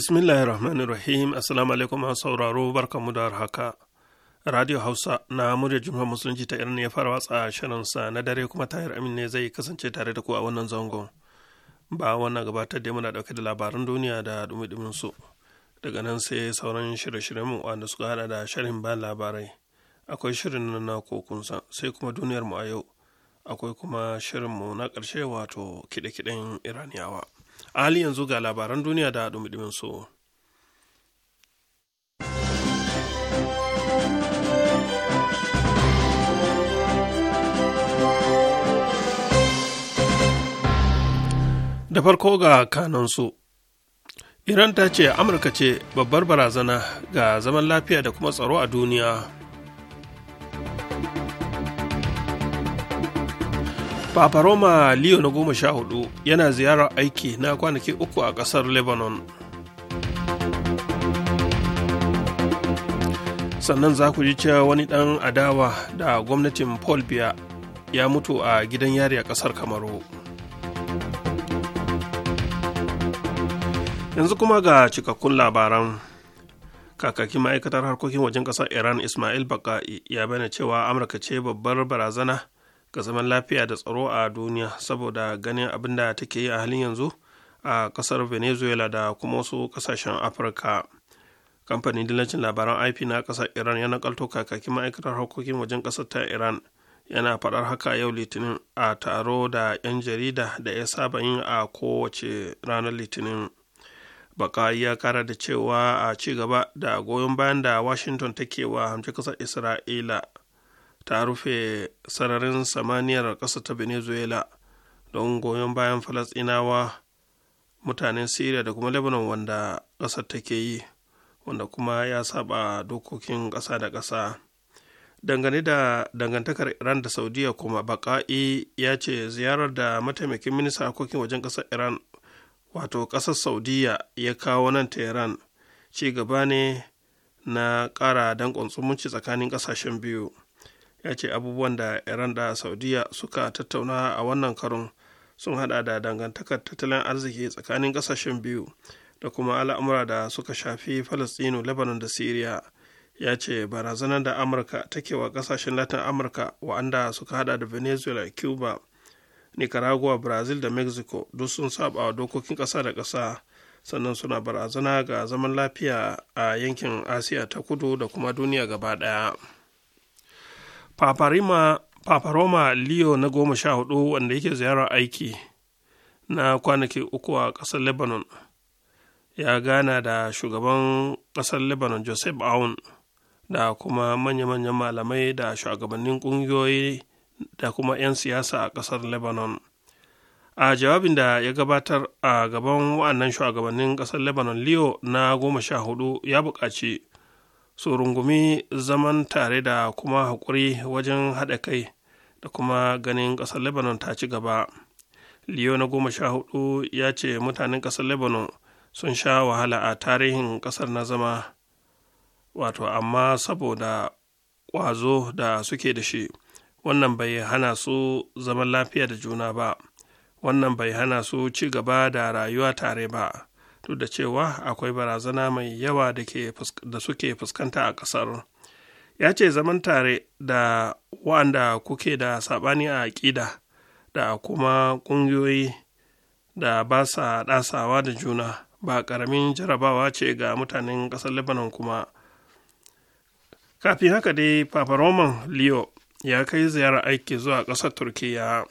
bismillahir rahmanir rahim assalamu alaikum masu sauraro barkamu da haka radio hausa na muryar jumhuriyar musulunci ta irin ya fara watsa shirinsa na dare kuma tahir amin ne zai kasance tare da ku a wannan zangon ba wannan gabatar da muna dauke da labaran duniya da dumidumin su daga nan sai sauran shirye-shiryen mu wanda suka hada da shirin ban labarai akwai shirin na kokunsa sai kuma duniyar mu a yau akwai kuma shirin mu na karshe wato kide-kiden iraniyawa A Ali yanzu ga labaran duniya da dumi su. Da farko ga kanansu. Iran ta ce Amurka ce babbar barazana ga zaman lafiya da kuma tsaro a duniya. Papa Roma Leo na goma sha hudu yana ziyarar aiki na kwanaki uku a ƙasar Lebanon. Sannan za ku ji cewa wani ɗan adawa da gwamnatin Paul Biya ya mutu a gidan yari a ƙasar Kamaru. Yanzu kuma ga cikakkun labaran. kakakin ma'aikatar harkokin wajen ƙasar iran ismail baka ya bayyana cewa amurka ce babbar barazana ga zaman lafiya da tsaro a duniya saboda ganin abin da take yi a halin yanzu a kasar venezuela da kuma wasu kasashen afirka kamfanin dillacin labaran ip na kasar iran ya nakalto kakakin ma'aikatar harkokin wajen kasar ta iran yana faɗar haka yau litinin a taro da 'yan jarida da ya saba yin a kowace ranar litinin baka ya kara da cewa a ci gaba da goyon bayan da washington take wa hamce kasar isra'ila ta rufe sararin samaniyar ƙasa ta venezuela don goyon bayan falasɗinawa mutanen syria da kuma lebanon wanda ƙasar take yi wanda kuma ya saba dokokin ƙasa da ƙasa dangane da dangantakar iran da saudiya kuma baka'i ya ce ziyarar da mataimakin minista harkokin wajen ƙasar iran wato ƙasar saudiya ya kawo nan tehran ci gaba ne na ƙara danƙon tsumunci tsakanin ƙasashen biyu ya ce abubuwan da iran da saudiya suka tattauna a wannan karon sun hada da dangantakar tattalin arziki tsakanin kasashen biyu da kuma al'amura da suka shafi falastinu lebanon da syria ya ce barazanar da amurka take wa kasashen latin amurka wa'anda suka hada da venezuela cuba nicaragua brazil da mexico duk sun saba wa dokokin kasa da kasa sannan suna barazana ga zaman lafiya a yankin asiya ta kudu da kuma duniya gaba daya. paparima paparoma leo na goma sha hudu wanda yake ziyarar aiki na kwanaki uku a ƙasar lebanon ya gana da shugaban ƙasar lebanon joseph aoun da kuma manya-manyan malamai da shugabannin ƙungiyoyi da kuma 'yan siyasa a ƙasar lebanon a jawabin da ya gabatar a gaban wa'annan shugabannin ƙasar lebanon leo na goma sha hudu ya buƙaci su rungumi zaman tare da kuma haƙuri wajen haɗa kai da kuma ganin ƙasar lebanon ta ci gaba leo na goma sha hudu ya ce mutanen ƙasar lebanon sun sha wahala a tarihin ƙasar na zama wato amma saboda ƙwazo da suke da shi wannan bai hana su zaman lafiya da juna ba wannan bai hana su ci gaba da rayuwa tare ba duk da cewa akwai barazana mai yawa da suke fuskanta a ƙasar ya ce zaman tare da wa'anda kuke da saɓani a aƙida da kuma ƙungiyoyi da ba sa ɗasawa da juna ba ƙaramin jarabawa ce ga mutanen ƙasar lebanon kuma kafin haka dai papa roman leo ya kai ziyarar aiki zuwa ƙasar turkiya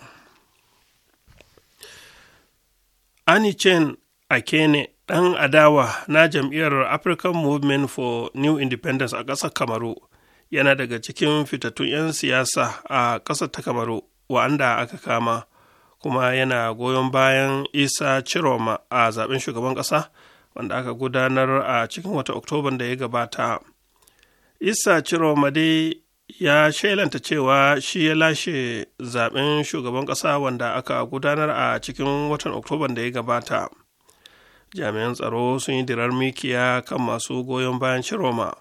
Chen akene ɗan adawa na jam'iyyar African Movement for New Independence a ƙasar Kamaru yana daga cikin fitattun 'yan siyasa a ƙasar ta Kamaru wa'anda aka kama kuma yana goyon bayan Isa Chiroma a zaben shugaban ƙasa wanda aka gudanar a cikin wata Oktoban da ya gabata. Isa Chiroma dai ya shailanta cewa shi ya lashe zaben shugaban ƙasa wanda aka gudanar a cikin watan Oktoban da ya gabata. jami'an tsaro sun yi dirar mikiya kan masu goyon bayan ciroma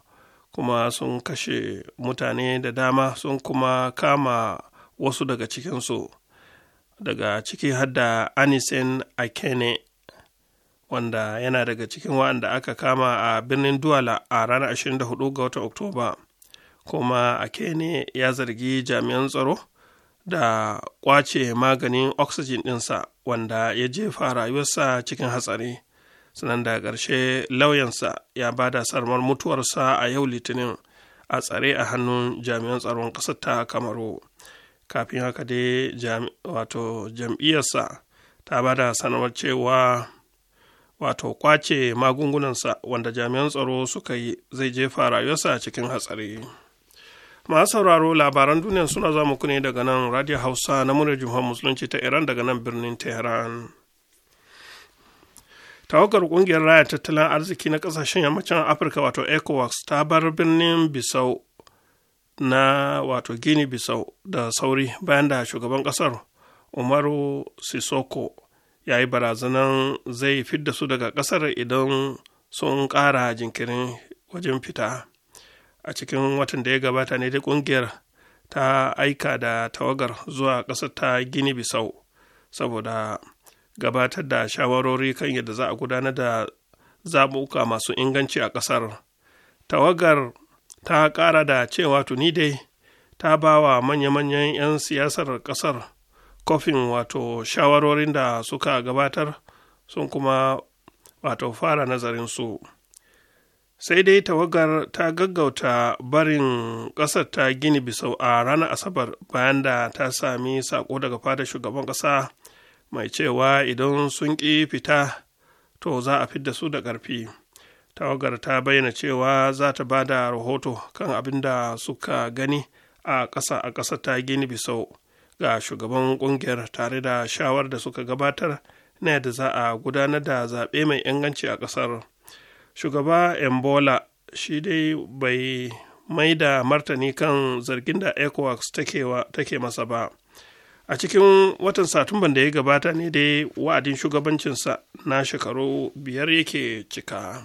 kuma sun kashe mutane da dama sun kuma kama wasu daga cikinsu daga ciki hadda anisen akene wanda yana daga cikin waɗanda aka kama a birnin duwala a ranar 24 ga watan oktoba kuma akene ya zargi jami'an tsaro da kwace maganin oxygen ɗinsa wanda ya jefa rayuwarsa cikin hatsari sannan da ƙarshe lauyansa ya ba da sarmar mutuwarsa a yau litinin a tsare a hannun jami'an tsaron ƙasar ta kamaru kafin haka dai wato jam'iyyarsa ta ba da sanarwar cewa wato kwace magungunansa wanda jami'an tsaro suka yi zai jefa rayuwarsa cikin hatsari masu sauraro labaran duniya suna zamu ne daga nan radio hausa na murar jihar musulunci ta iran daga nan birnin tehran tawagar kungiyar raya tattalin arziki na kasashen yammacin afirka wato ecowas ta bar birnin bisau na wato gini bisau da sauri bayan da shugaban kasar umaru sisoko ya yi barazanan zai fidda su daga kasar idan sun kara jinkirin wajen fita a cikin watan da ya gabata ne da kungiyar ta aika da tawagar zuwa kasar ta gini bisau saboda gabatar da shawarori kan yadda za a gudanar da zaɓuɓɓuka masu inganci a ƙasar tawagar ta ƙara da cewa tuni dai ta ba wa manya-manyan 'yan siyasar ƙasar kofin wato shawarorin da suka gabatar sun kuma wato fara nazarinsu sai dai tawagar ta gaggauta barin ƙasar ta gini bisau a ranar asabar bayan da ta sami saƙo daga fada shugaban ƙasa mai cewa idan sun ƙi fita to za a fidda su da ƙarfi tawagar ta bayyana cewa za ta ba da rahoto kan abin da suka gani a ƙasa a ƙasa ta gini bisau ga shugaban ƙungiyar tare da shawar da suka gabatar na yadda za a gudanar da zaɓe mai inganci a ƙasar shugaba embola shi dai bai mai da martani kan zargin da ecowas take masa ba a cikin watan satumban da ya gabata ne dai wa'adin shugabancinsa na shekaru biyar yake cika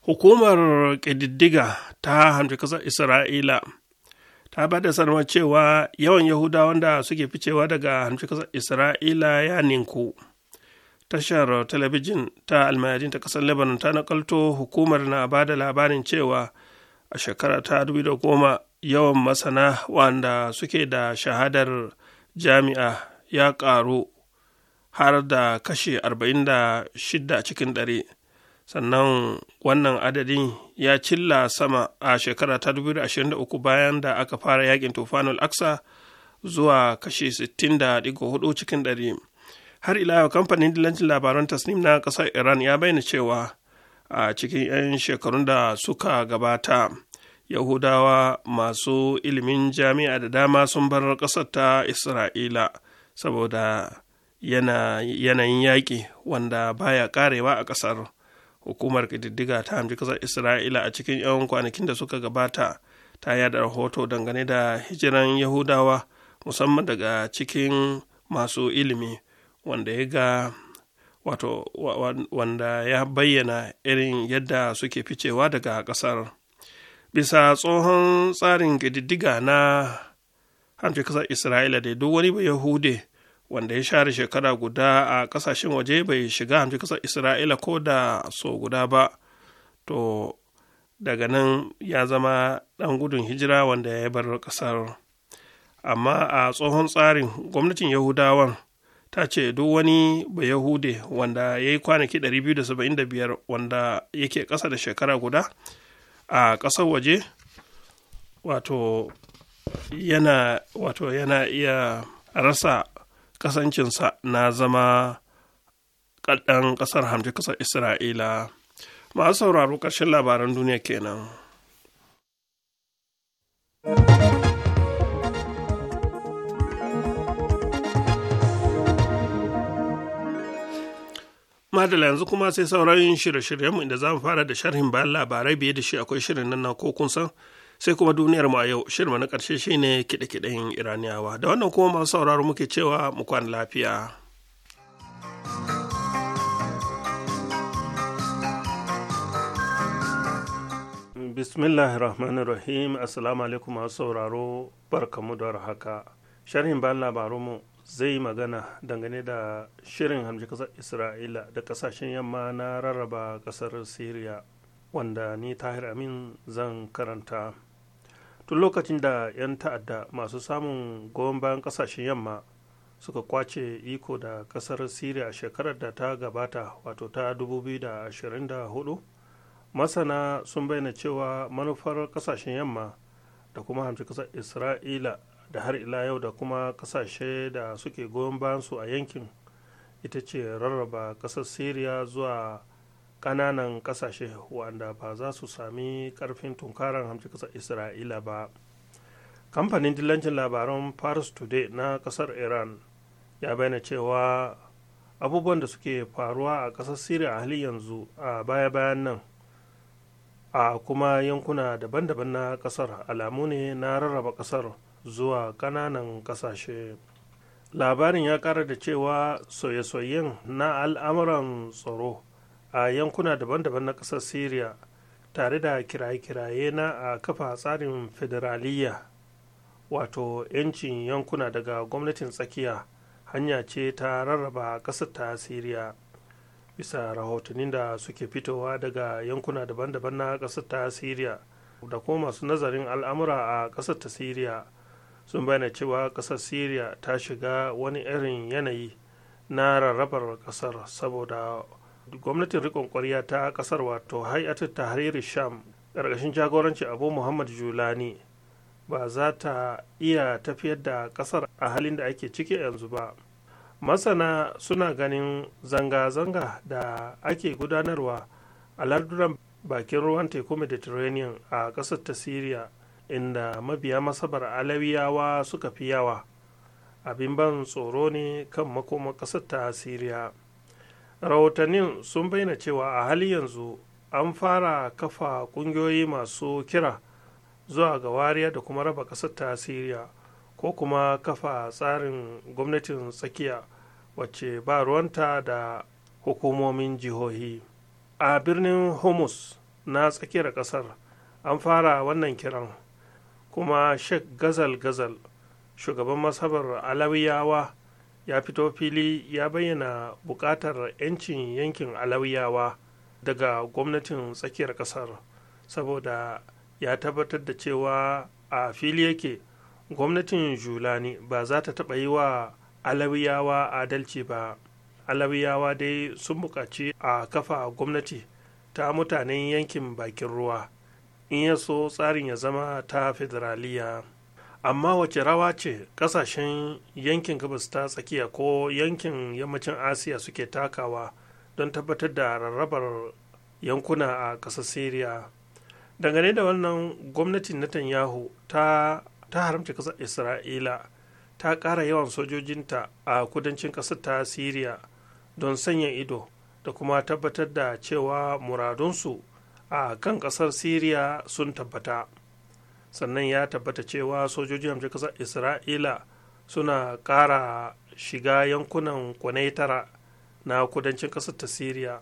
hukumar ƙididdiga ta hamshi ƙasar isra'ila ta ba da sanarwar cewa yawan yahudawan da suke ficewa daga hamshi ƙasar isra'ila ya ninku tashar talabijin ta almayadin ta ƙasar lebanon ta nakalto hukumar na ba da labarin cewa a shekara ta goma. yawan masana wanda suke da shahadar jami'a ya ƙaru har da kashe 46 cikin ɗari sannan wannan adadin ya cilla sama a shekara ta 2023 bayan da aka fara yakin tufanul aksa zuwa kashe 60.4 cikin ɗari har ila kamfanin dillancin labaran tasnim na ƙasar iran ya bayyana cewa a cikin 'yan shekarun da suka gabata yahudawa masu ilimin jami'a da dama sun bar ƙasar ta isra'ila saboda yanayin yaƙi wanda baya ƙarewa a ƙasar hukumar ƙididdiga ta hamji ƙasar isra'ila a cikin 'yan kwanakin da suka gabata ta yada rahoto dangane da hijiran yahudawa musamman daga cikin masu ilimi wanda ya ga wato wanda ya bayyana irin yadda suke ficewa daga ƙasar bisa tsohon tsarin ƙididdiga na hamshe ƙasar isra'ila da duk wani ba yahude wanda ya share shekara guda a ƙasashen waje bai shiga hamshe ƙasar isra'ila ko da so guda ba to daga nan ya zama ɗan gudun hijira wanda ya bar ƙasar amma a tsohon tsarin gwamnatin yahudawan ta ce duk wani ba yahude wanda ya yi kwanaki 275 wanda yake ƙasa da shekara guda a ƙasar waje wato yana wato yana iya rasa kasancinsa na zama ƙaddan ƙasar hamji ƙasar isra'ila masu sauraro ƙarshen labaran duniya kenan. Madala yanzu kuma sai sauran shirye-shiryenmu inda za mu fara da sharhin bayan labarai biye da shi akwai shirin nan na ko kun san sai kuma duniyar mu a yau shirma na ƙarshe ne kiɗe-kiɗen Iraniyawa da wannan kuma masu sauraro muke cewa mu kwana lafiya. bismillahi rahmanir rahim assalamu alaikum masu sauraro barkamu da haka sharhin bayan labarunmu zai yi magana dangane da shirin hamshi kasar isra'ila da kasashen yamma na rarraba kasar syria wanda ni tahir amin zan karanta tun lokacin da 'yan ta'adda masu samun goyon bayan kasashen yamma suka kwace iko da kasar syria a shekarar da ta gabata wato ta 2024 masana sun bayyana cewa manufar kasashen yamma da kuma hamshi kasar isra'ila da har ila yau da kuma kasashe da suke goyon bayan su a yankin ita ce rarraba ƙasar syria zuwa kananan ƙasashe wanda ba za su sami ƙarfin tunkaran hamci ƙasar isra'ila ba kamfanin dillancin labaran paris today na ƙasar iran ya bayyana cewa abubuwan da suke faruwa a ƙasar syria a halin yanzu a baya-bayan nan a kuma yankuna daban-daban na ƙasar alamu ne na rarraba ƙasar zuwa ƙananan ƙasashe labarin ya ƙara da cewa soye-soyen na al'amuran tsaro a yankuna daban-daban na ƙasar syria tare da kiraye-kiraye na a kafa tsarin federaliyya wato 'yancin yankuna daga gwamnatin tsakiya hanya ce ta rarraba ƙasar ta syria bisa rahotannin da suke fitowa daga yankuna daban-daban na ƙasar ta syria da kuma masu nazarin al'amura a ƙasar ta syria sun bayyana cewa ƙasar syria ta shiga wani irin yanayi na rarrabar ƙasar saboda gwamnatin rikon ƙwarya ta ƙasar wato ta tahriri sham ƙarƙashin jagoranci abu muhammad julani ba za ta iya tafiyar da ƙasar a halin da ake ciki yanzu ba masana suna ganin zanga-zanga da ake gudanarwa a larduran bakin ruwan teku mediterranean a ƙasar ta syria inda mabiya masabar alawiyawa suka fi yawa abin ban tsoro ne kan makoma ƙasar ta asiriya rahotannin sun bayyana cewa a hali yanzu an fara kafa ƙungiyoyi masu kira zuwa ga wariya da kuma raba ƙasar ta asiriya ko kuma kafa tsarin gwamnatin tsakiya wacce ba ruwanta da hukumomin jihohi a birnin homus na tsakiyar ƙasar an fara wannan kiran kuma sheikh gazal gazal shugaban masabar alawiyawa ya fito fili ya bayyana buƙatar 'yancin yankin alawiyawa daga gwamnatin tsakiyar ƙasar saboda ya tabbatar da cewa a fili yake gwamnatin julani ba za ta taɓa yi wa alawiyawa adalci ba alawiyawa dai sun buƙaci a kafa gwamnati ta mutanen yankin bakin ruwa in ya so tsarin ya zama ta federaliya amma wace rawa ce kasashen yankin gabas ta tsakiya ko yankin yammacin asiya suke takawa don tabbatar da rarrabar yankuna a ƙasar syria dangane da wannan gwamnatin netanyahu ta, ta haramta ƙasar isra'ila ta ƙara yawan sojojinta a kudancin ƙasar ta syria don sanya ido da kuma tabbatar da cewa muradunsu a kan kasar syria sun tabbata sannan ya tabbata cewa sojojin hamshin kasar isra'ila suna kara shiga yankunan tara na kudancin kasar ta syria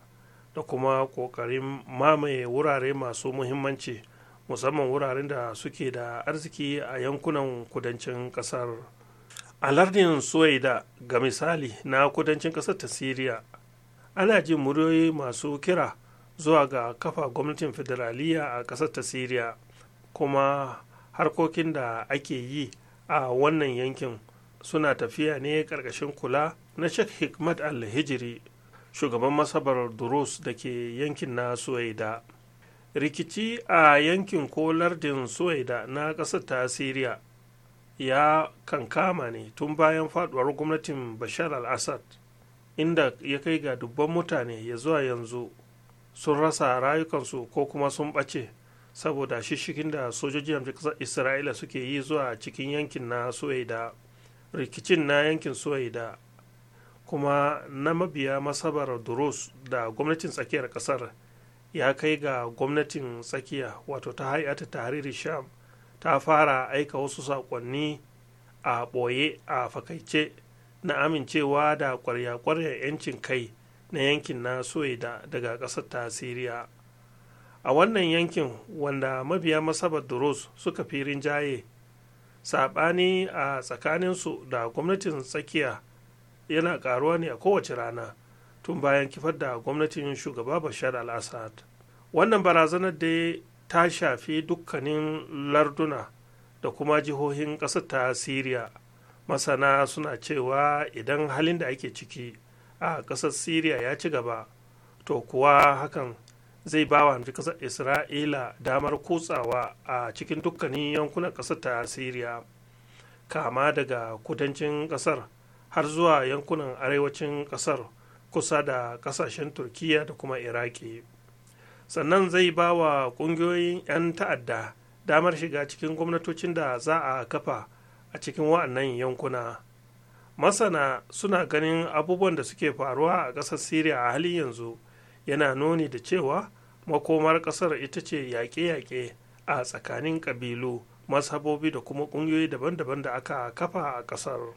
da kuma kokarin mamaye wurare masu muhimmanci musamman wuraren da suke da arziki a yankunan kudancin kasar a lardin suwaida ga misali na kudancin kasar ta syria ana jin muryoyi masu kira zuwa ga kafa gwamnatin federaliya a ƙasar ta syria kuma harkokin da ake yi a wannan yankin suna tafiya ne ƙarƙashin kula na sheikh hikmat al-hijiri shugaban masabar durus da ke yankin na suwaida rikici a yankin ko lardin suwaida na ƙasar ta syria ya kankama ne tun bayan faduwar gwamnatin bashar al-assad inda ya kai ga dubban mutane ya zuwa yanzu sun rasa rayukansu ko kuma sun ɓace saboda shishikin da sojoji a kasar isra'ila suke yi zuwa cikin yankin na soyida rikicin na yankin soyida kuma na mabiya masabar duros da gwamnatin tsakiyar kasar ya kai ga gwamnatin tsakiya wato ta hayata tahariri sham ta fara aika wasu saƙonni a ɓoye a fakaice na amincewa da ƙwarya-ƙwarya 'yancin kai na yankin na soyida daga ƙasar ta siriya a wannan yankin wanda mabiya masabar duros suka fi rinjaye saɓani a tsakaninsu da gwamnatin tsakiya yana ƙaruwa ne a kowace rana tun bayan kifar da gwamnatin shugaba bashar al-assad wannan barazanar da ta shafi dukkanin larduna da kuma jihohin ƙasar ta siriya masana suna cewa idan halin da ake ciki a ƙasar syria ya ci gaba to kuwa hakan zai ba wa ƙasar isra'ila damar kutsawa a cikin dukkanin yankunan ƙasar ta syria kama daga kudancin ƙasar har zuwa yankunan arewacin ƙasar kusa da ƙasashen turkiya da kuma iraki sannan zai ba wa ƙungiyoyin 'yan ta'adda damar shiga cikin gwamnatocin da za a kafa a cikin wa'annan yankuna masana suna ganin abubuwan da suke faruwa a ƙasar syria a halin yanzu yana nuni da cewa makomar ƙasar ita ce yaƙe-yaƙe a tsakanin ƙabilu mazhabobi da kuma ƙungiyoyi daban-daban da aka kafa a ƙasar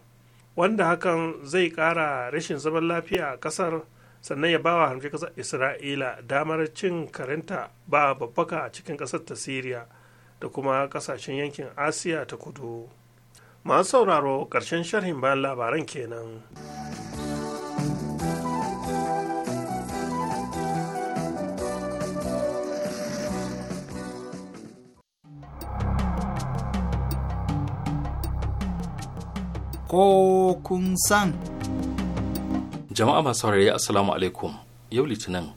wanda hakan zai ƙara rashin zaman lafiya a ƙasar sannan ya ba wa hamshe ƙasar isra'ila damar cin karenta ba babbaka a cikin ƙasar ta syria da kuma ƙasashen yankin asiya ta kudu. masu sauraro ƙarshen sharhin bayan labaran kenan. Ko kun san. Jama'a masu saurari asalamu alaikum yau Litinin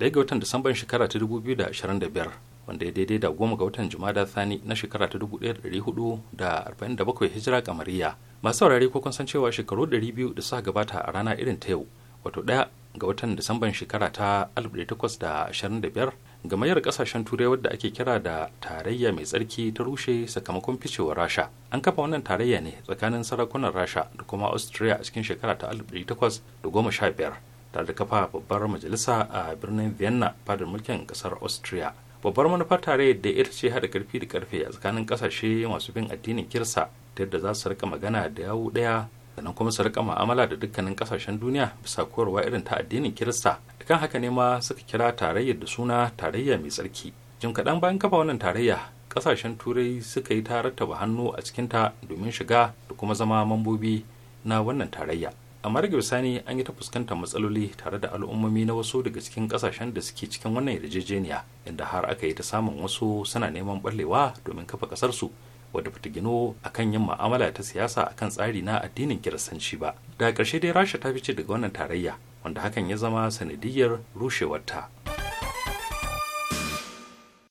ya ga watan Disamban shekara ta 2025 wanda ya daidai da goma ga watan jumada thani na shekara ta 1447 hijira kamariya masu saurare ko kun san cewa shekaru 200 da suka gabata a rana irin ta yau wato daya ga watan disamban shekara ta 1825 gamayyar kasashen turai wadda ake kira da tarayya mai tsarki ta rushe sakamakon ficewar rasha an kafa wannan tarayya ne tsakanin sarakunan rasha da kuma austria a cikin shekara ta 1815 tare da kafa babbar majalisa a birnin vienna fadar mulkin kasar austria babbar manufar tarayyar da ita ce hada karfi da karfe a tsakanin ƙasashe masu bin addinin kirsa ta yadda za su rika magana da yawu ɗaya sannan kuma su rika ma'amala da dukkanin ƙasashen duniya bisa koyarwa irin ta addinin kirista kan haka ne ma suka kira tarayyar da suna tarayya mai tsarki jim kaɗan bayan kafa wannan tarayya ƙasashen turai suka yi ta rattaba hannu a cikinta domin shiga da kuma zama mambobi na wannan tarayya amma daga bisani an yi ta fuskantar matsaloli tare da al'ummomi na wasu daga cikin kasashen da suke cikin wannan yarjejeniya inda har aka yi ta samun wasu suna neman ɓallewa domin kafa ƙasarsu wadda bata gino akan yin ma'amala ta siyasa a kan tsari na addinin kiristanci ba daga karshe dai rasha ta fice daga wannan tarayya wanda hakan ya zama sanadiyar rushewarta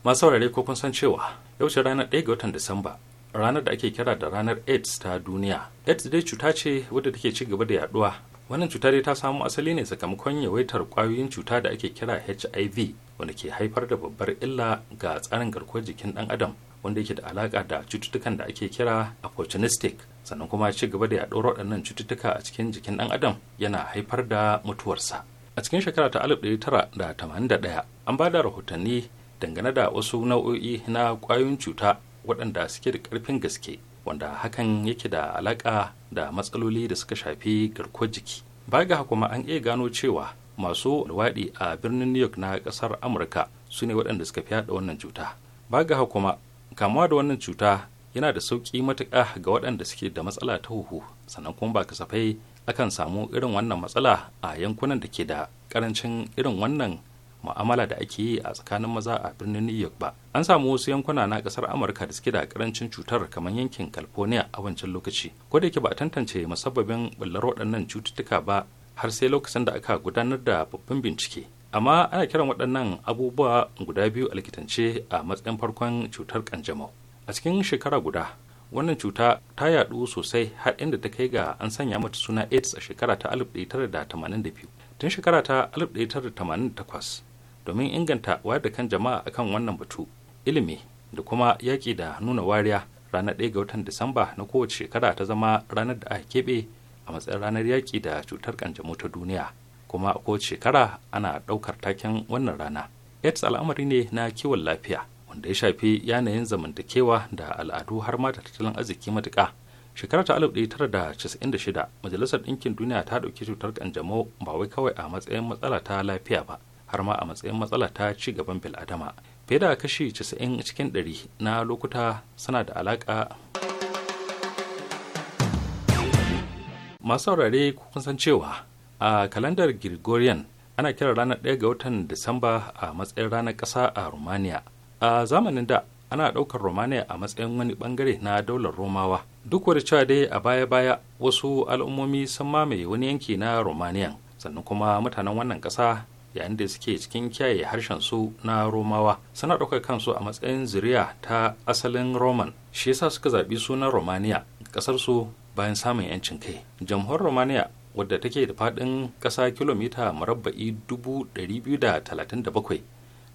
masu saurare ko kun san cewa yau ce ranar 1 ga watan disamba ranar da ake kira da ranar aids ta duniya aids dai cuta ce wadda take ci gaba da yaduwa wannan cuta dai ta samu asali ne sakamakon yawaitar kwayoyin cuta da ake kira hiv wanda ke haifar da babbar illa ga tsarin garkuwar jikin ɗan adam wanda yake da alaka da cututtukan da ake kira opportunistic sannan kuma ci gaba da yaduwar waɗannan cututtuka a cikin jikin dan adam yana haifar da mutuwarsa a cikin shekara ta ɗaya an ba da rahotanni dangane da wasu nau'o'i na kwayoyin cuta waɗanda suke da ƙarfin gaske wanda hakan yake da alaƙa da matsaloli da suka shafi garkuwar jiki baya ga kuma an iya gano cewa masu luwaɗi a birnin new york na ƙasar amurka su ne waɗanda suka fi da wannan cuta baya ga kuma kamuwa da wannan cuta yana da sauƙi matuƙa ga waɗanda suke da matsala ta huhu sannan kuma ba kasafai akan samu irin wannan matsala a yankunan da ke da ƙarancin irin wannan mu'amala da ake yi a tsakanin maza a birnin new york ba an samu wasu yankuna na kasar amurka da suke da karancin cutar kamar yankin california a wancan lokaci ko da yake ba a tantance musabbabin bullar waɗannan cututtuka ba har sai lokacin da aka gudanar da babban bincike amma ana kiran waɗannan abubuwa guda biyu a likitance a matsayin farkon cutar kanjamau a cikin shekara guda wannan cuta ta yaɗu sosai har inda ta kai ga an sanya mata suna aids a shekara ta 1982 tun shekara ta 1988 domin inganta wayar da kan jama'a akan wannan batu ilimi da kuma yaƙi da nuna wariya ranar 1 ga watan disamba na kowace shekara ta zama ranar da aka keɓe a matsayin ranar yaƙi da cutar kanjamau ta duniya kuma a kowace shekara ana ɗaukar taken wannan rana aids al'amari ne na kiwon lafiya wanda ya shafi yanayin zamantakewa da al'adu har ma da tattalin arziki matuƙa shekara ta 1996 majalisar ɗinkin duniya ta ɗauki cutar kanjamau ba wai kawai a matsayin matsala ta lafiya ba har ma a matsayin matsala ta ci gaban bil'adama fiye da kashi 90 cikin 100 na lokuta suna da alaka masu saurare kun san cewa a kalandar gregorian ana kira ranar 1 ga watan disamba a matsayin ranar ƙasa a romania a zamanin da ana ɗaukar romania a matsayin wani bangare na daular romawa duk wadda cewa dai a baya-baya wasu al'ummomi sun mamaye wani yanki na romania sannan kuma mutanen wannan ƙasa yayin da suke cikin kiyaye harshen su na romawa suna ɗaukar kansu a matsayin zuriya ta asalin roman shi yasa suka zaɓi sunan romania ƙasar su bayan samun yancin kai jamhuriyar romania wadda take da faɗin ƙasa kilomita murabba'i 237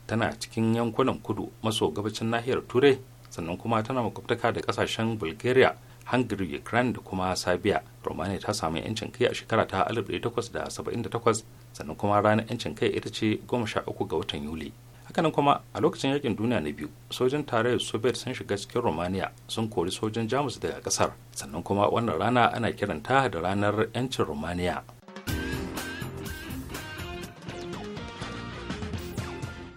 tana cikin yankunan kudu maso gabacin nahiyar turai sannan kuma tana makwabtaka da ƙasashen bulgaria hungary ukraine da kuma sabia. romania ta samu yancin kai a shekara ta 1878 sannan kuma ranar 'yancin kai ita ce goma sha uku ga watan yuli hakanan kuma a lokacin yakin duniya na biyu sojin tarayyar soviet sun shiga cikin romania sun kori sojin jamus daga kasar sannan kuma wannan rana ana kiranta da ranar 'yancin romania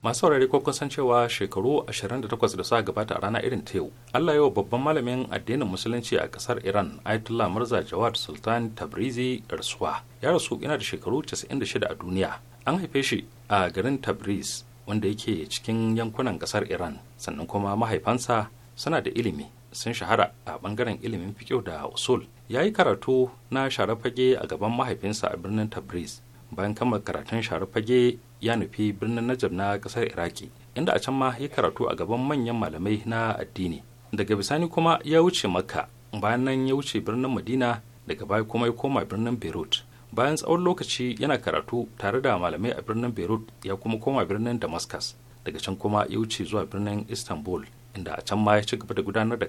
masu saurari ko kun san cewa shekaru 28 da suka gabata a rana irin ta yau Allah yau babban malamin addinin musulunci a kasar Iran Ayatollah Mirza Jawad Sultan Tabrizi rasuwa ya rasu yana da shekaru 96 a duniya an haife shi a garin Tabriz wanda yake cikin yankunan kasar Iran sannan kuma mahaifansa suna da ilimi sun shahara a bangaren ilimin fikiyo da usul ya yi karatu na sharafage a gaban mahaifinsa a birnin Tabriz bayan kammala karatun sharafage. ya nufi birnin najab na kasar iraki inda a can ma ya karatu a gaban manyan malamai na addini daga bisani kuma ya wuce makka bayan nan ya wuce birnin madina daga baya kuma ya koma birnin beirut bayan tsawon lokaci yana karatu tare da malamai a birnin beirut ya kuma koma birnin damascus daga can kuma ya wuce zuwa birnin istanbul inda a can ma ya ci gaba da gudanar da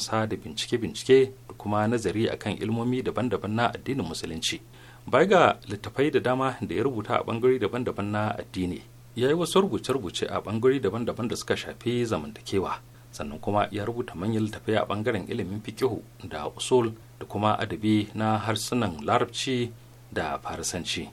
sa da bincike-bincike da kuma nazari akan ilmomi daban-daban na addinin musulunci bai ga littafai da dama da ya rubuta a bangare daban-daban na addini ya yi wasu rubuce-rubuce a bangare daban-daban da suka shafi zamantakewa sannan kuma ya rubuta manyan littafai a bangaren ilimin fikihu da usul da kuma adabi na harsunan larabci da farisanci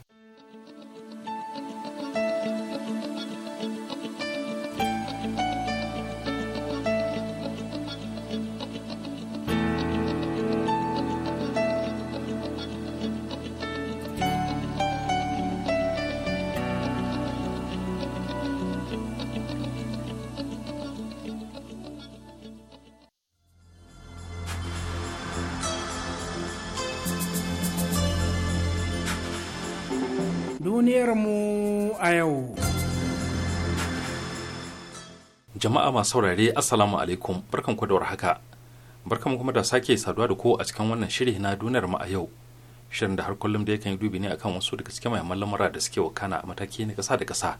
duniyarmu a yau. Jama'a masu saurare Assalamu alaikum barkan ku da haka. Barkan kuma da sake saduwa da ku a cikin wannan shiri na duniyar mu a yau. Shirin da har kullum da yakan yi dubi ne akan wasu daga cikin mahimman lamura da suke wakana a mataki na kasa da kasa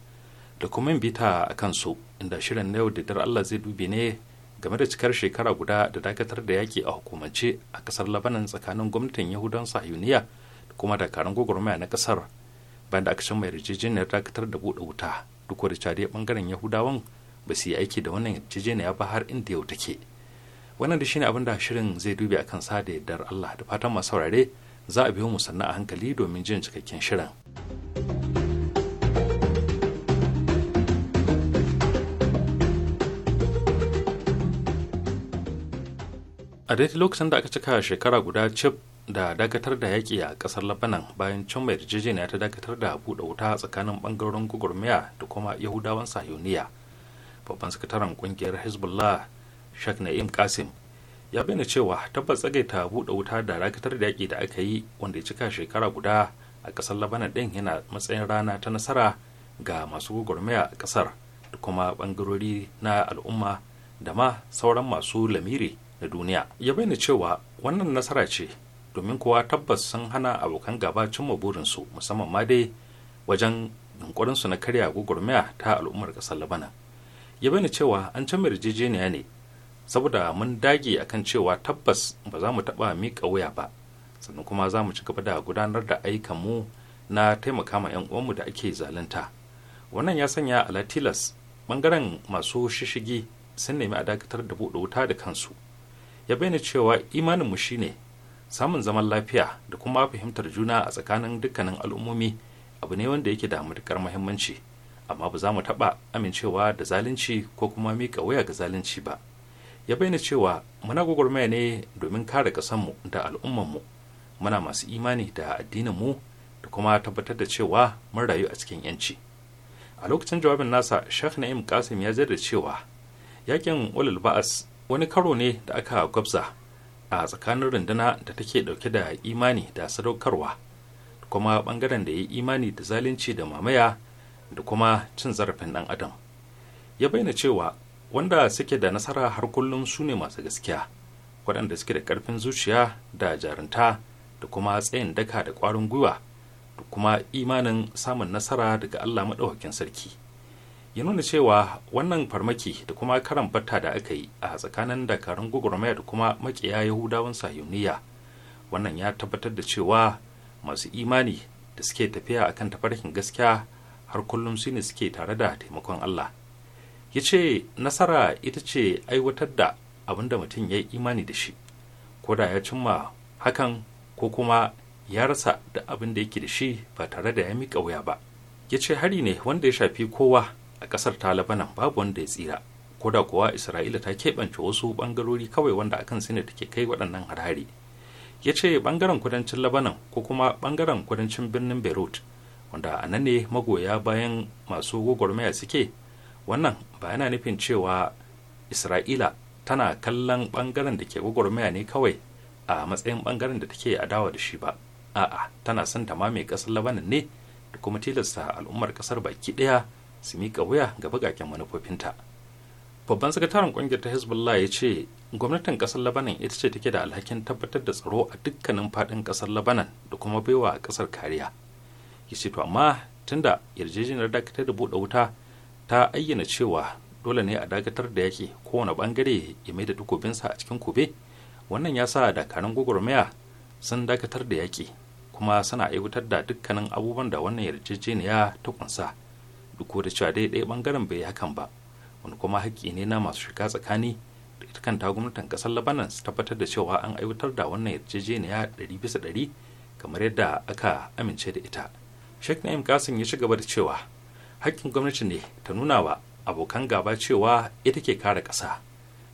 da kuma yin bita a kansu inda shirin na yau da dar Allah zai dubi ne game da cikar shekara guda da dakatar da yaƙi a hukumance a ƙasar Labanan tsakanin gwamnatin Yahudan Sahiyuniya da kuma dakarun gwagwarmaya na kasar bayan da aka cimma yarjejeniyar dakatar da buɗe wuta duk da cari bangaren yahudawan ba su yi aiki da wannan yarjejeniya ba har inda yau take wannan da shine abin da shirin zai dubi a kan da yardar allah da fatan masu saurare za a biyo mu sannan a hankali domin jin cikakken shirin a daidai lokacin da aka cika shekara guda cif da dakatar da yaƙi a ƙasar labanan bayan can mai yarjejeniya ta dakatar da buɗe wuta tsakanin ɓangarorin gwagwarmaya da kuma yahudawan sayoniya babban sakataren ƙungiyar hezbollah shak na'im kasim ya bayyana cewa tabbas tsagaita buɗe wuta da dakatar da yaƙi da aka yi wanda ya cika shekara guda a ƙasar labanan ɗin yana matsayin rana ta nasara ga masu gwagwarmaya a ƙasar da kuma ɓangarori na al'umma da ma sauran masu lamiri na duniya ya bayyana cewa wannan nasara ce domin kowa tabbas sun hana abokan gaba cimma burinsu musamman ma dai wajen yunkurinsu na karya gwagwarmaya ta al'ummar ƙasar labanan ya bani cewa an can yarjejeniya ne saboda mun dage akan cewa tabbas ba za mu taɓa miƙa wuya ba sannan kuma za mu ci gaba da gudanar da mu na taimaka ma 'yan uwanmu da ake zalunta wannan ya sanya alatilas ɓangaren bangaren masu shishigi sun nemi a dakatar da buɗe wuta da kansu ya bayyana cewa imaninmu shine samun zaman lafiya da kuma fahimtar juna a tsakanin dukkanin al'ummomi abu ne wanda yake da matuƙar muhimmanci amma ba za mu taɓa amincewa da zalunci ko kuma mika waya ga zalunci ba ya bayyana cewa muna gwagwarmaya ne domin kare ƙasanmu da al'ummanmu muna masu imani da addinin mu da kuma tabbatar da cewa mun rayu a cikin yanci a lokacin jawabin nasa shekh na'im kasim ya da cewa yakin ulul ba'as wani karo ne da aka gwabza a tsakanin runduna da take dauke da imani da sadaukarwa kuma bangaren da ya yi imani da zalunci da mamaya da kuma cin zarafin dan adam ya bayyana cewa wanda suke da nasara har kullum su ne masu gaskiya waɗanda suke da ƙarfin zuciya da jarunta da kuma tsayin daka da ƙwarin gwiwa da kuma imanin samun nasara daga allah maɗaukakin sarki ya nuna cewa wannan farmaki da kuma karan batta da aka yi a tsakanin dakarun gwagwarmaya da kuma makiya yahudawan sayuniya wannan ya tabbatar da cewa masu imani da suke tafiya akan tafarkin gaskiya har kullum su ne suke tare da taimakon allah ya ce nasara ita ce aiwatar da abin da mutum ya yi imani da shi ko da ya cimma hakan ko kuma ya rasa da abin da yake da shi ba tare da ya miƙa wuya ba ya ce hari ne wanda ya shafi kowa a ƙasar ta labanan babu wanda ya tsira ko da kuwa isra'ila ta keɓance wasu bangarori kawai wanda akan su ne take kai waɗannan harhari ya ce bangaren kudancin labanan ko kuma bangaren kudancin birnin beirut wanda a nan ne magoya bayan masu gwagwarmaya suke wannan ba yana nufin cewa isra'ila tana kallon bangaren da ke gwagwarmaya ne kawai a matsayin ɓangaren da take adawa da shi ba a'a tana son ta mame ƙasar labanan ne da kuma tilasta al'ummar ƙasar baki ɗaya. su miƙa wuya ga bugaken manufofinta babban sakataren ƙungiyar ta hezbollah ya ce gwamnatin ƙasar labanan ita ce take da alhakin tabbatar da tsaro a dukkanin faɗin ƙasar labanan da kuma baiwa ƙasar kariya ya ce to amma tunda yarjejeniyar dakatar da buɗe wuta ta ayyana cewa dole ne a dakatar da yake kowane bangare ya mai da a cikin kube wannan ya sa dakarun gwagwarmaya sun dakatar da yaƙi kuma suna aiwatar da dukkanin abubuwan da wannan yarjejeniya ta kunsa duk da cewa dai ɗaya bangaren bai yi hakan ba wani kuma haƙƙi ne na masu shiga tsakani da ita kanta gwamnatin ƙasar labanan su tabbatar da cewa an aiwatar da wannan yarjejeniya ɗari bisa ɗari kamar yadda aka amince da ita sheikh na'im kasim ya ci gaba da cewa haƙƙin gwamnati ne ta nuna wa abokan gaba cewa ita ke kare ƙasa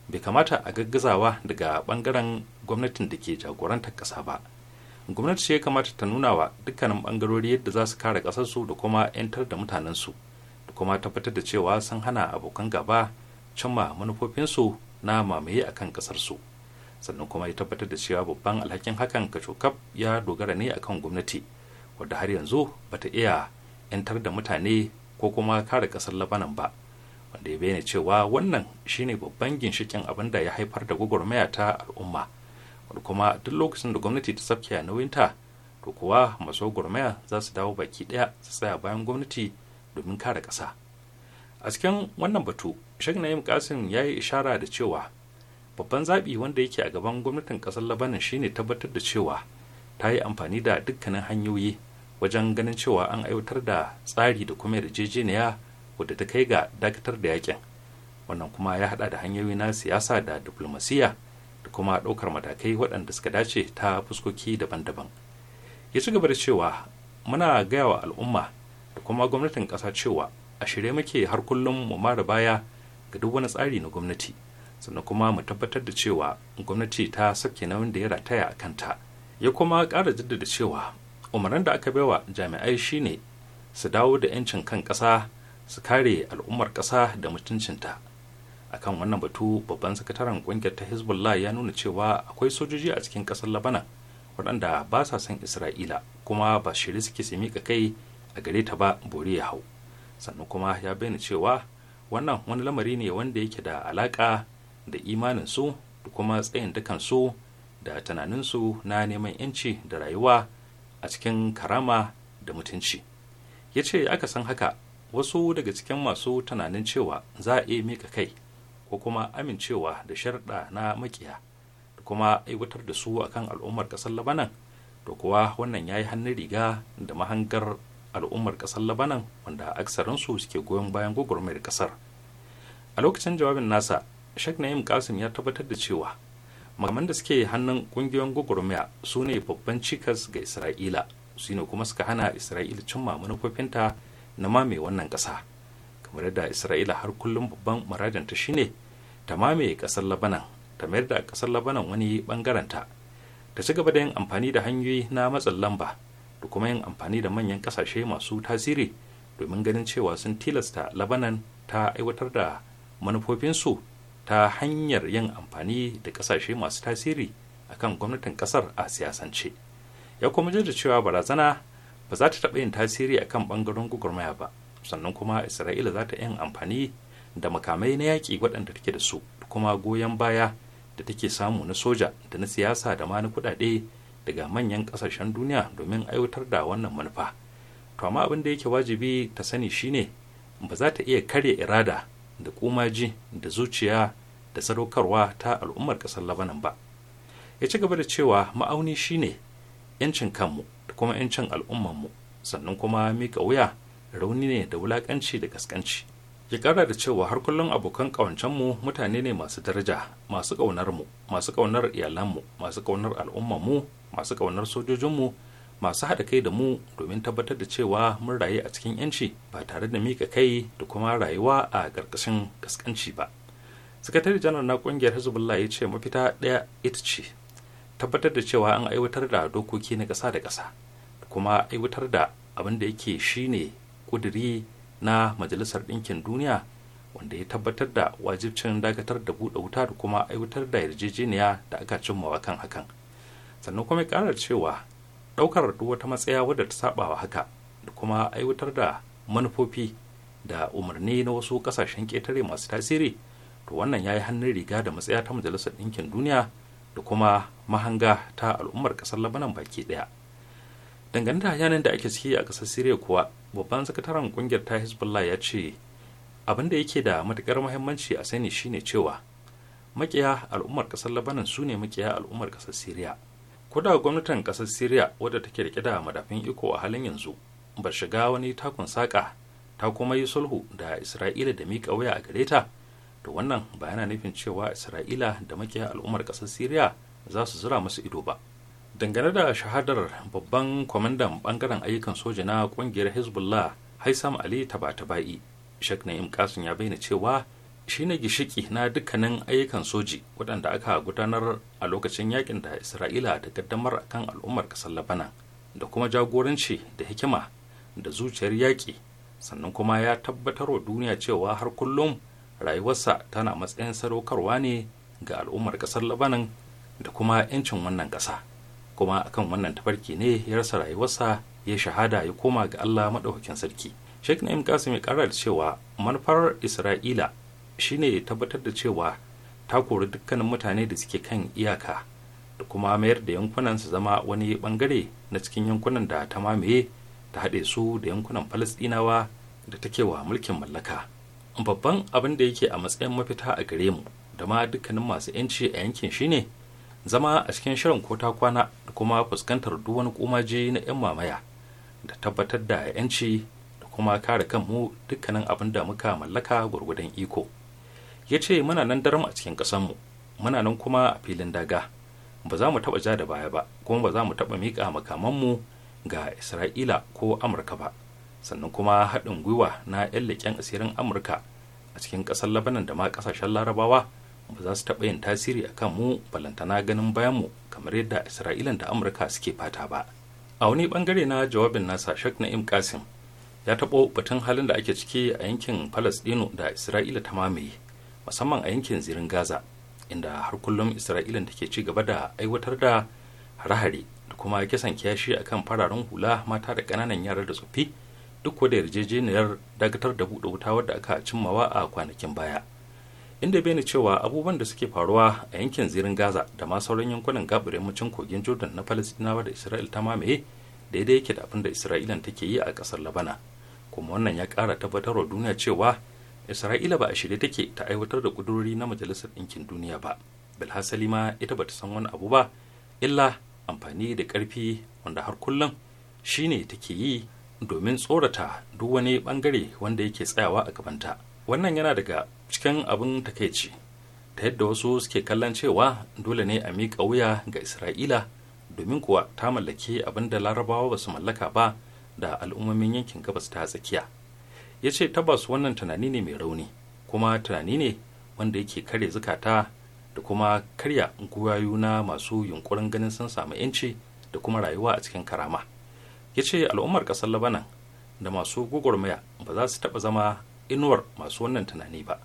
bai kamata a gaggazawa daga bangaren gwamnatin da ke jagorantar ƙasa ba gwamnati ce ya kamata ta nuna wa dukkanin bangarori yadda za su kare ƙasarsu da kuma 'yantar da mutanensu kuma tabbatar da cewa sun hana abokan gaba cimma manufofinsu na mamaye a kan ƙasarsu sannan kuma ya tabbatar da cewa babban alhakin hakan cokaf ya dogara ne akan gwamnati wadda har yanzu bata iya 'yantar da mutane ko kuma kare kasar labanan ba wanda ya bayyana cewa wannan shine babban ginshikin abin da ya haifar da gwagwarmaya ta al'umma wadda kuma duk lokacin da gwamnati ta sabke a nauyinta to kuwa masu gwagwarmaya za su dawo baki daya su tsaya bayan gwamnati domin kare ƙasa a cikin wannan batu shek na'im kasim ya yi ishara da cewa babban zaɓi wanda yake a gaban gwamnatin ƙasar labanin shine tabbatar da cewa ta yi amfani da dukkanin hanyoyi wajen ganin cewa an aiwatar da tsari da kuma yarjejeniya wadda ta kai ga dakatar da yakin wannan kuma ya haɗa da hanyoyi na siyasa da diplomasiya da kuma ɗaukar matakai waɗanda suka dace ta fuskoki daban-daban ya ci gaba da cewa muna gaya wa al'umma da kuma gwamnatin ƙasa cewa a shirye muke har kullum mu mara baya ga duk wani tsari na gwamnati sannan kuma mu tabbatar da cewa gwamnati ta sake nauyin da ya rataya a kanta ya kuma ƙara jaddada cewa umarnin da aka baiwa jami'ai shine su dawo da 'yancin kan ƙasa su kare al'ummar ƙasa da mutuncinta akan wannan batu babban sakataren ƙungiyar ta hezbollah ya nuna cewa akwai sojoji a cikin ƙasar labanan waɗanda ba sa son isra'ila kuma ba shirye suke su miƙa kai a gare ta ba bori ya hau sannan kuma ya bayyana cewa wannan wani lamari ne wanda yake da alaka da imanin su da kuma tsayin dukan su da tunaninsu na neman yanci da rayuwa a cikin karama da mutunci ya ce aka san haka wasu daga cikin masu tunanin cewa za a iya mika kai ko kuma amincewa da sharɗa na makiya da kuma aiwatar da su akan al'ummar ƙasar labanan to kuwa wannan ya yi hannun riga da mahangar al'ummar kasar labanan wanda aksarinsu suke goyon bayan gwagwarmayar kasar a lokacin jawabin nasa shek na'im kasim ya tabbatar da cewa makaman da suke hannun kungiyoyin gwagwarmaya su ne babban cikas ga isra'ila su ne kuma suka hana isra'ila cimma manufofinta na mame wannan ƙasa kamar yadda isra'ila har kullum babban ta shine ta mame ƙasar labanan ta mayar da ƙasar labanan wani bangaranta ta ci gaba da yin amfani da hanyoyi na matsin lamba da kuma yin amfani da manyan kasashe masu tasiri domin ganin cewa sun tilasta labanan ta aiwatar da manufofinsu ta hanyar yin amfani da kasashe masu tasiri akan gwamnatin kasar a siyasance ya kuma da cewa barazana ba za ta taɓa yin tasiri a kan ɓangaren gwagwarmaya ba sannan kuma isra'ila za ta yin amfani da makamai na yaƙi waɗanda take da su kuma goyon baya da take samu na soja da na siyasa da ma na kuɗaɗe daga manyan kasashen duniya domin aiwatar da wannan manufa to amma abin da yake wajibi ta sani shine ba za ta iya karya irada da kumaji da zuciya da sadaukarwa ta al'ummar kasar labanan ba ya ci gaba da cewa ma'auni shine yancin kanmu da kuma yancin al'ummanmu sannan kuma mika wuya rauni ne da wulakanci da gaskanci. ya kara da cewa har kullum abokan ƙawancenmu mutane ne masu daraja masu ƙaunar mu masu ƙaunar iyalanmu masu ƙaunar al'ummanmu masu ƙaunar sojojinmu masu haɗa kai da mu domin tabbatar da cewa mun rayu a cikin yanci ba tare da mika kai da kuma rayuwa a ƙarƙashin kaskanci ba sakatare janar na ƙungiyar hezbollah ya ce mafita ɗaya ita ce tabbatar da cewa an aiwatar da dokoki na ƙasa da ƙasa da kuma aiwatar da abin da yake shine ƙuduri na majalisar ɗinkin duniya wanda ya tabbatar da wajibcin dakatar da buɗe wuta da kuma aiwatar da yarjejeniya da aka cimmawa kan hakan sannan kuma ya ƙara cewa ɗaukar duk wata matsaya wadda ta saba wa haka da kuma aiwatar da manufofi da umarni na wasu ƙasashen ƙetare masu tasiri to wannan ya yi hannun riga da matsaya ta majalisar ɗinkin duniya da kuma mahanga ta al'ummar ƙasar labanan baki ɗaya dangane da yanayin da ake ciki a ƙasar siriya kuwa babban sakataren ƙungiyar ta hezbollah ya ce abin da yake da matukar muhimmanci a sani shine cewa makiya al'ummar ƙasar labanan su ne makiya al'ummar ƙasar siriya ko gwamnatin kasar syria wadda take rike da madafin iko a halin yanzu ba shiga wani takun saka ta kuma yi sulhu da isra'ila da miƙa waya a gare ta to wannan ba yana nufin cewa isra'ila da makiya al'ummar kasar syria za su zura musu ido ba dangane da shahadar babban kwamandan bangaren ayyukan soja na kungiyar hezbollah haisam ali tabatabai shek na'im kasim ya bayyana cewa shine gishiki na dukkanin ayyukan soji waɗanda aka gudanar a lokacin yakin da isra'ila ta kaddamar kan al'ummar ƙasar labanan da kuma jagoranci da hikima da zuciyar yaƙi sannan kuma ya tabbatar wa duniya cewa har kullum rayuwarsa tana matsayin sadaukarwa ne ga al'ummar ƙasar labanan da kuma 'yancin wannan ƙasa kuma akan wannan tafarki ne ya rasa rayuwarsa ya shahada ya koma ga allah maɗaukakin sarki sheikh na'im kasim ya ƙara da cewa manufar isra'ila shine tabbatar da cewa ta kori dukkanin mutane da suke kan iyaka da kuma mayar da yankunan su zama wani bangare na cikin yankunan da ta mamaye ta haɗe su da yankunan falasɗinawa da take wa mulkin mallaka babban abin da yake a matsayin mafita a gare mu da ma dukkanin masu 'yanci a yankin shine zama a cikin shirin ko ta kwana da kuma fuskantar duk wani kumaje na 'yan mamaya da tabbatar da 'yanci da kuma kare kanmu dukkanin abin da muka mallaka gwargwadon iko ya ce muna nan daram a cikin mu muna nan kuma a filin daga ba za mu taɓa ja da baya ba kuma ba za mu taɓa miƙa mu ga isra'ila ko amurka ba sannan kuma haɗin gwiwa na 'yan leƙen asirin amurka a cikin ƙasar labanan da ma ƙasashen larabawa ba za su taɓa yin tasiri a kan mu balantana ganin bayan mu kamar yadda isra'ilan da amurka suke fata ba a wani bangare na jawabin nasa shak na im kasim ya taɓo batun halin da ake ciki a yankin falasɗinu da isra'ila ta mamaye musamman a yankin zirin gaza inda har kullum isra'ilan take ci gaba da aiwatar da harhari da kuma kisan kiyashi akan fararen hula mata da ƙananan yara da tsofi duk da yarjejeniyar dakatar da buɗe wuta wadda aka cimmawa a kwanakin baya inda bai cewa abubuwan da suke faruwa a yankin zirin gaza da ma sauran yankunan gabar yammacin kogin jordan na falastinawa da isra'il ta mamaye daidai yake da abin da isra'ilan take yi a ƙasar labana kuma wannan ya ƙara tabbatarwa duniya cewa isra'ila ba a shirye take ta aiwatar da kudurori na majalisar ɗinkin duniya ba bilhassali ma ita bata san wani abu ba illa amfani da ƙarfi wanda har kullum shine take yi domin tsorata duk wani bangare wanda yake tsayawa a gabanta wannan yana daga cikin abin takaici ta yadda wasu suke kallon cewa dole ne a mika wuya ga isra'ila domin kuwa ta mallaki abin da larabawa ba su mallaka ba da al'ummomin yankin gabas ta tsakiya ya ce tabbas wannan tunani ne mai rauni kuma tunani ne wanda yake kare zukata da kuma karya gwayoyi na masu yunkurin ganin sun samu 'yanci da kuma rayuwa a cikin karama ya ce al'ummar ƙasar labanan da masu gwagwarmaya ba za su taɓa zama inuwar masu wannan tunani ba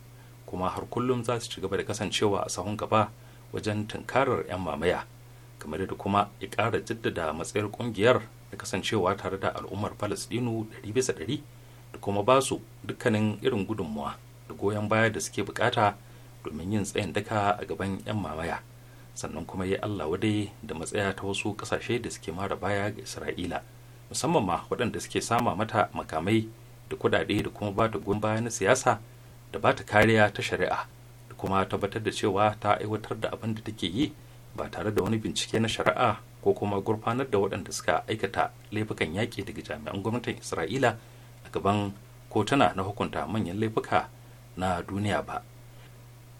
kuma har kullum za su ci gaba da kasancewa a sahun gaba wajen tunkarar 'yan mamaya kamar da kuma ya ƙara jaddada matsayar ƙungiyar da kasancewa tare da al'ummar falasɗinu ɗari da kuma ba su dukkanin irin gudunmuwa da goyon baya da suke bukata domin yin tsayin daka a gaban 'yan mamaya sannan kuma ya allah wadai da matsaya ta wasu kasashe da suke mara baya ga isra'ila musamman ma waɗanda suke sama mata makamai da kuɗaɗe da kuma ba ta goyon baya na siyasa da ba ta kariya ta shari'a da kuma tabbatar da cewa ta aiwatar da abin da take yi ba tare da wani bincike na shari'a ko kuma gurfanar da waɗanda suka aikata laifukan yaƙi daga jami'an gwamnatin isra'ila gaban kotuna na hukunta manyan laifuka na duniya ba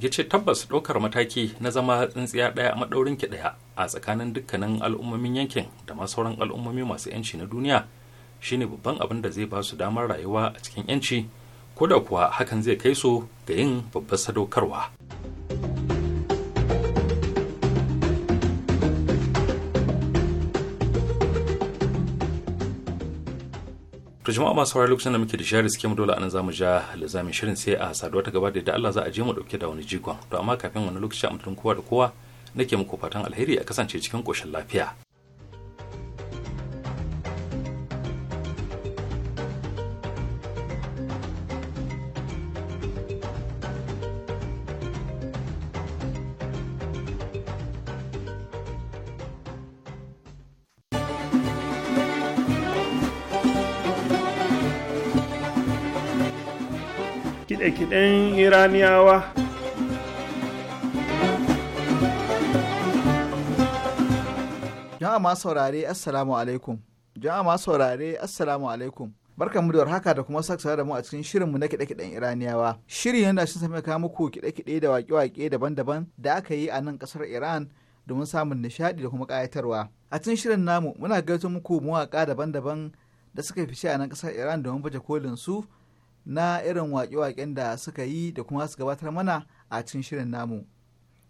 ya ce tabbas ɗaukar mataki na zama tsintsiya ɗaya a maɗaurin ki ɗaya a tsakanin dukkanin al'ummomin yankin da ma sauran al'ummomi masu yanci na duniya shine babban abin da zai ba su damar rayuwa a cikin yanci ko da kuwa hakan zai kai su ga yin babbar sadaukarwa. to jama'a masu saurari lokacin da muke da share suke mu dole anan zamu ja lizamin shirin sai a saduwa ta gaba da yadda Allah za a je mu dauke da wani jigon to amma kafin wani lokaci a mutun kowa da kowa nake muku fatan alheri a kasance cikin koshin lafiya ɗin iraniyawa jama'a saurare assalamu alaikum jama'a saurare assalamu alaikum mu da warhaka da kuma saka da mu a cikin shirinmu na kiɗe-kiɗen iraniyawa shirin yana shi sami kawo muku kiɗe-kiɗe da waƙe-waƙe daban-daban da aka yi a nan ƙasar iran domin samun nishaɗi da kuma ƙayatarwa a cikin shirin namu muna gaito muku mawaƙa daban-daban da suka fice a nan ƙasar iran domin baje kolin su na irin waƙe-waƙen da suka yi da kuma su gabatar mana a cikin shirin namu.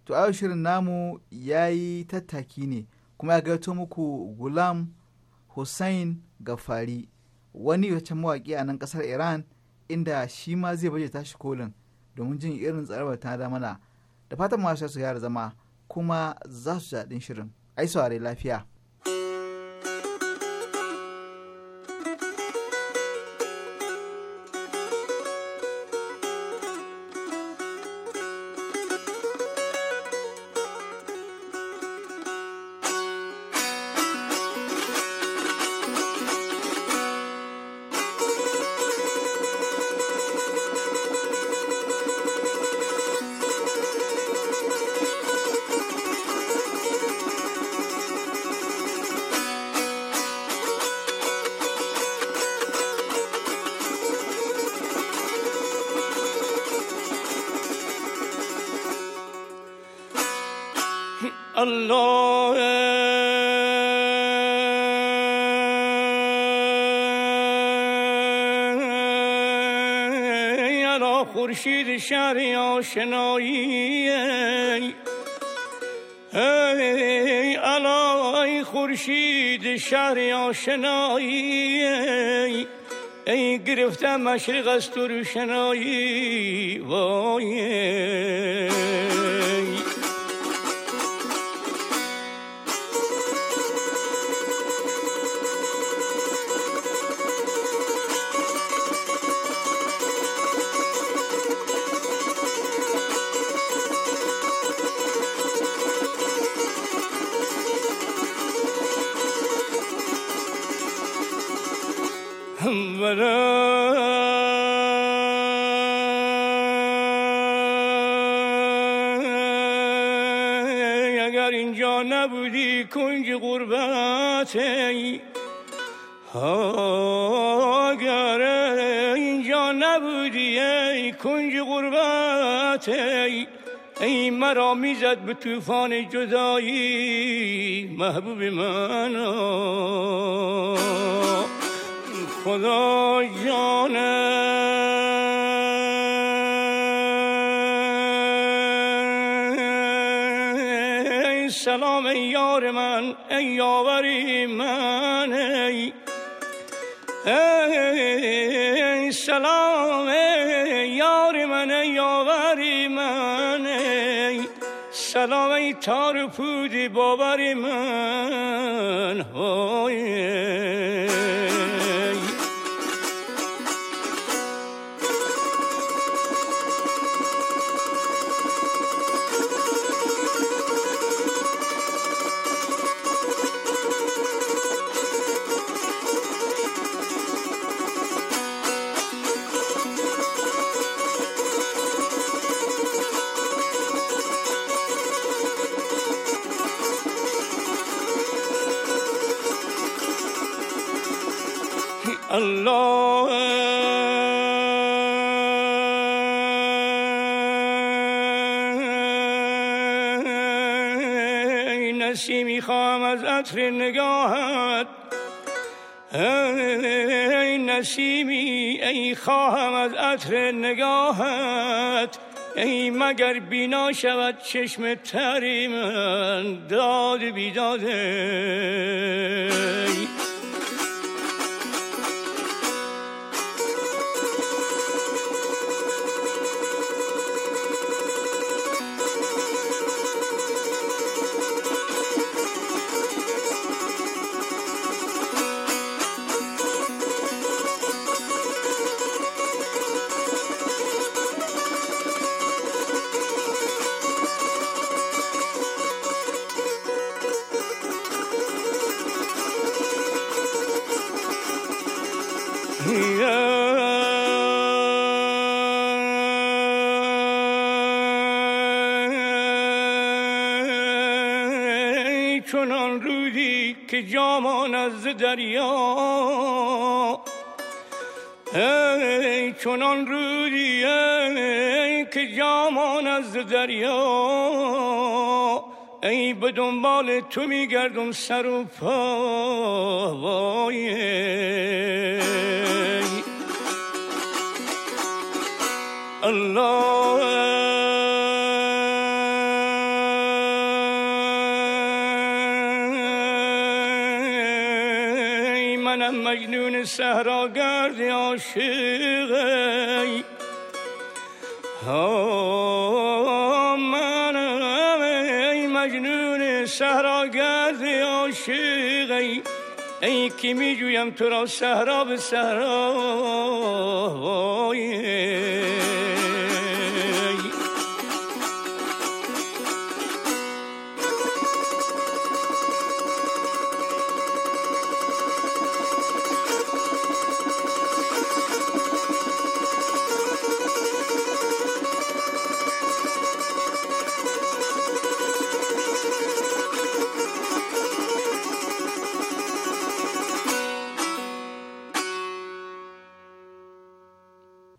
To yau shirin namu ya yi tattaki ne kuma ya gaito muku Gulam Hussein Gafari wani wacce mawaƙi a nan ƙasar Iran inda shi ma zai baje tashi kolin domin jin irin tsarabar ta da mana da fatan masu su gyara zama kuma za su jaɗin shirin. Ai saurari lafiya. مشرق از تو روشنایی نبودی ای کنج غربت ای ای مرا میزد به طوفان جدایی محبوب من خدا جانه سلام ای یار من ای یاوری من سلام یار من یاور من سلام ای تار پودی باوری من نسیمی ای خواهم از عطر نگاهت ای مگر بینا شود چشم تری من داد بیداده همان از دریا ای چنان رودی ای که جامان از دریا ای به دنبال تو میگردم سر و پا وای الله میجویم تو را صحرا به صحرا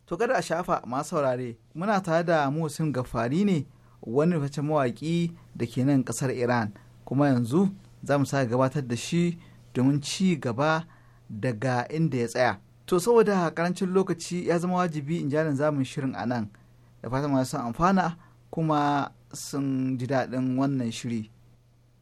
To kada a shafa masu saurare muna tare da Musin Gafari ne wani face mawaƙi da ke nan kasar Iran kuma yanzu za mu sake gabatar da shi domin ci gaba daga inda ya tsaya. To saboda karancin lokaci ya zama wajibi in jarin zamun shirin a nan da fatan masu amfana kuma sun ji daɗin wannan shiri.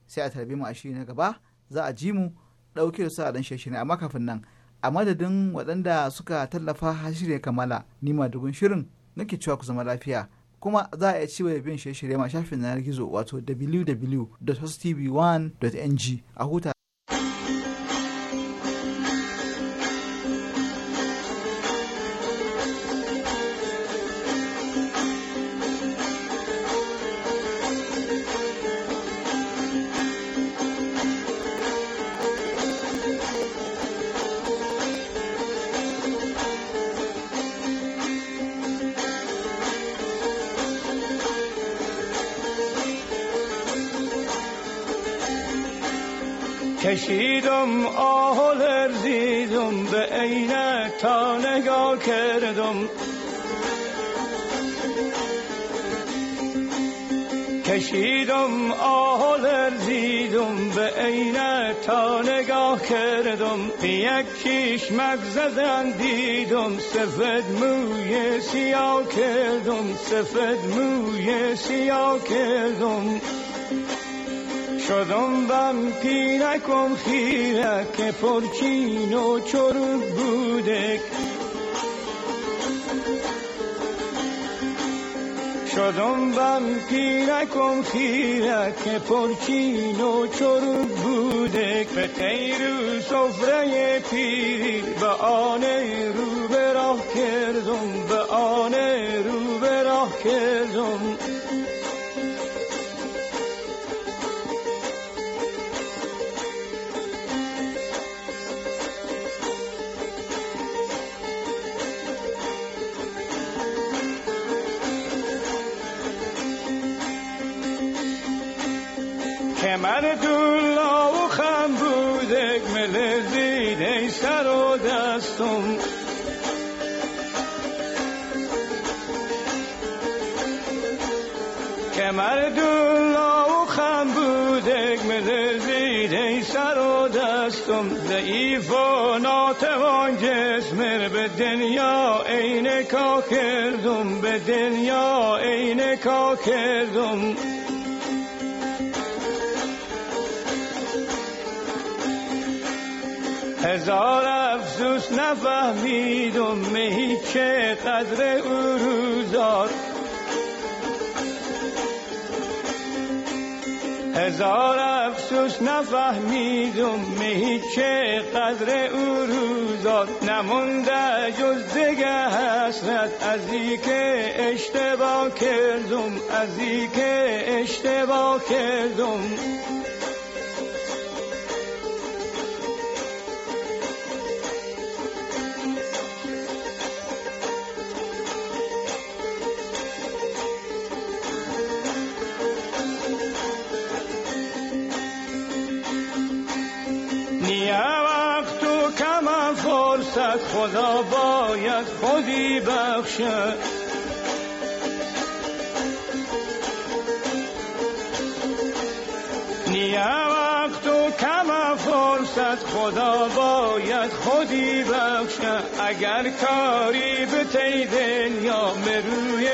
Sai a tarbi mu a shiri na gaba za a ji mu ɗauke da su a ɗan shirin amma kafin nan. a madadin waɗanda suka tallafa har shirya kamala ni ma madugun shirin nake cewa ku zama lafiya kuma za a iya ci wa bin shirye-shirye ma shafin yanar gizo wato wwwtv 1ng a huta چشمک زدن دیدم سفد موی سیاه کردم سفد موی سیاه کردم شدم بم پیرکم که پرچین و چروک بودک شدم بم پیرکم خیرک پرچین و چروک بوده به تیرو صفره پیری به آن رو به راه کردم به آن رو به راه کردم کیف و ناتوان جسمر به دنیا عین کا کردم به دنیا عین کا کردم هزار افسوس نفهمیدم مهی که قدر او روزار هزار توش نفهمیدم مهی که قدر او روزات نمونده جز دگه حسرت از ای که اشتباه کردم از ای که اشتباه کردم بخشد نیه وقت و کم فرصت خدا باید خودی بخشه اگر کاری به تی دنیا مروی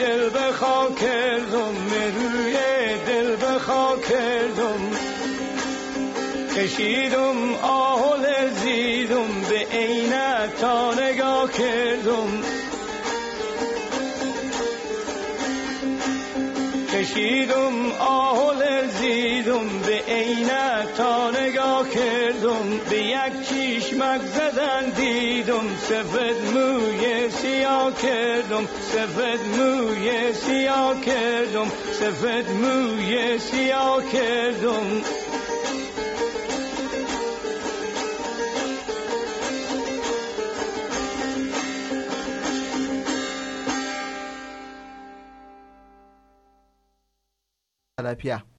دل بخوا کردم مروی دل بخوا کردم کشیدم آهول زیدم به به عینتانه کردم کشیدم آه لرزیدم به عینه تا نگاه کردم به یک چشمک زدن دیدم سفد موی سیاه کردم سفد موی سیاه کردم سفد موی سیاه کردم huta lafiya.